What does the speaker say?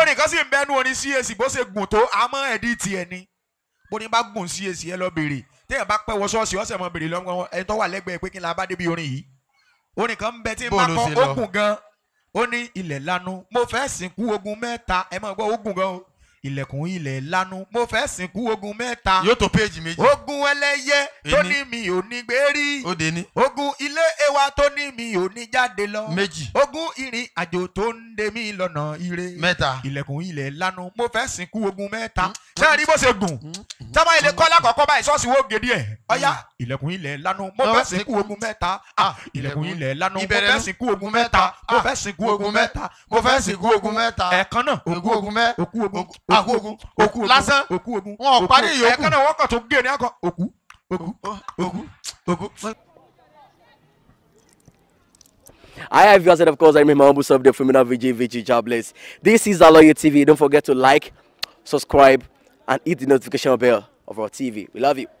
orin kan sì ń bẹnu orin CAC bó ṣe gùn tó a mọ ẹ̀dí tiẹ̀ ni bó ní bá gùn CAC ẹ lọ bèrè téèyàn bá pẹ́ wọ ṣọ́ọ̀ṣì ọ̀sẹ̀ mọ bèrè lọ́wọ́ ẹni tó wà lẹ́gbẹ̀ẹ́ pé kí n la bá débi orin yìí orin kan ń bẹ tí n bá kọ́ ó gùn gan ó ní ilẹ̀ lanu mo fẹ́ sìnkú ogun mẹ́ta ẹ máa gbọ́ ó gan o ilẹ̀kùn ilẹ̀ lanu mo fẹ́ sìnkú ogun mẹ́ta. yóò tó péjì méjì. ogun ẹlẹ́yẹ tó ní mi ò ní gbé rí. ó de ní. ogun ilé ewa tó ní mi ò ní jáde lọ. méjì. ogun ìrìn àjò tó ń de mi lọ́nà ire. mẹ́ta. ilẹ̀kùn ilẹ̀ lanu mo fẹ́ sìnkú ogun mẹ́ta. sẹ́ẹ̀rí hmm. bó ṣe gùn. Hmm tábà ilé kọ́ lákọ̀ọ́kọ́ báyìí ṣọ́ọ̀ṣì wo gèdè ẹ̀ ọ̀yá hmm. ilẹ̀kùn ilẹ̀ lanu mo fẹ́ sìnkú ogun mẹ́ta ah, ah, ilẹ̀kùn ilẹ̀ lanu ah, mo fẹ́ sìnkú ogun mẹ́ta mo fẹ́ sìnkú ogun mẹ́ta mo fẹ́ sìnkú ogun mẹ́ta ẹ̀kan náà òkú ogun mẹ́ òkú ogun òkú ogun òkú ogun lásán òkú ogun wọn ò parí ìyókù ẹ̀kan náà wọ́n tó gé ní akọ òkú òkú òkú òkú. I have yours and of course I'm Imam Abu Sabde Fumina VJ VG Jobless. This is Aloye TV. Don't forget to like, subscribe, and hit the notification bell of our TV. We love you.